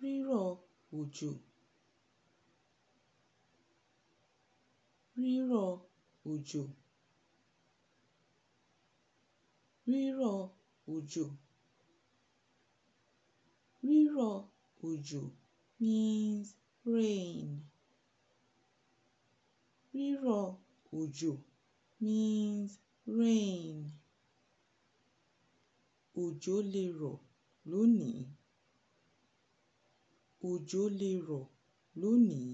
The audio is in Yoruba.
rírọ̀ òjò rírọ̀ òjò rírọ̀ òjò rírọ̀ òjò means rain rírọ̀ òjò means rain. Òjò lè rọ̀ lónìí. Òjò lè rọ̀ lónìí